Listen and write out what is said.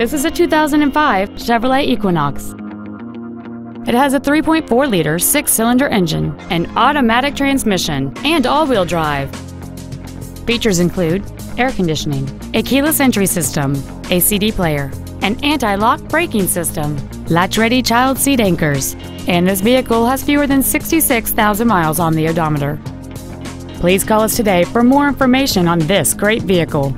This is a 2005 Chevrolet Equinox. It has a 3.4-liter six-cylinder engine, an automatic transmission, and all-wheel drive. Features include air conditioning, a keyless entry system, a CD player, an anti-lock braking system, latch-ready child seat anchors, and this vehicle has fewer than 66,000 miles on the odometer. Please call us today for more information on this great vehicle.